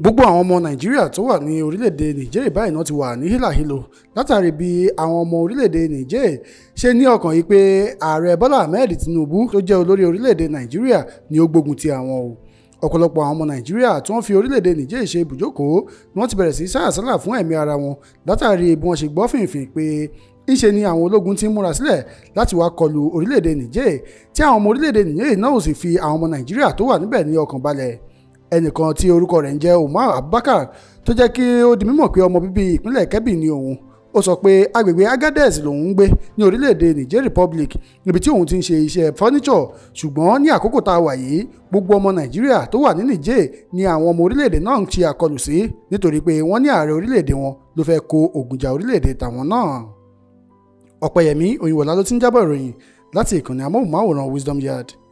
gbogbo àwọn ọmọ nàìjíríà tó wà ní orílẹ̀-èdè niger báyìí náà ti wà ní hílàhílo látàrí bí àwọn ọmọ orílẹ̀-èdè niger ṣe ní ọkàn yìí pé ààrẹ bọ́lá ahmed tinubu tó jẹ́ olórí orílẹ̀-èdè nàìjíríà ni ó gbógun ti àwọn o ọ̀pọ̀lọpọ̀ àwọn ọmọ nàìjíríà tí wọ́n fi orílẹ̀-èdè niger ṣe ibùjókòó ni wọ́n ti bẹ̀rẹ̀ sí sáàsálà fún ẹ̀mí ara wọn látàrí bí wọ́n ṣe gbọ́ fìnfìn pé ńṣe ni àwọn ológun ti ń múra sílẹ̀ láti wá kọlù orílẹ̀-èdè niger tí àwọn ọmọ orílẹ̀-èdè niger náà sì fi àwọn ọmọ nàìjíríà tó wà níbẹ̀ ní ọkàn balẹ̀ ẹnìkan tí orúkọ rẹ̀ ń jẹ́ Umar Abubakar tó jẹ́ kí ó di mímọ̀ pé ọmọ bíbí ìpínlẹ̀ Kebbi ni òun ó sọ pé agbègbè Agadez lòun ń gbé ní orílẹ̀-èdè Niger Republic níbi tí òun ti ń ṣe iṣẹ́ furniture ṣùgbọ́n ní àkókò tá a wà yìí gbogbo ọmọ Nàìjíríà tó wà ní Niger ni àwọn ọmọ orílẹ̀-èdè náà ń ṣe àkọlù sí nítorí pé wọ́n ní ààrẹ orílẹ̀-èdè wọn ló fẹ́ kó ògùnjà orílẹ̀-èdè tàwọn náà ọ̀pẹ̀yẹmí òyìnbọ̀lá ló ti ń jábọ̀ ìròyìn láti ìkànnì amóhùnmáwòrán Wisdom Yard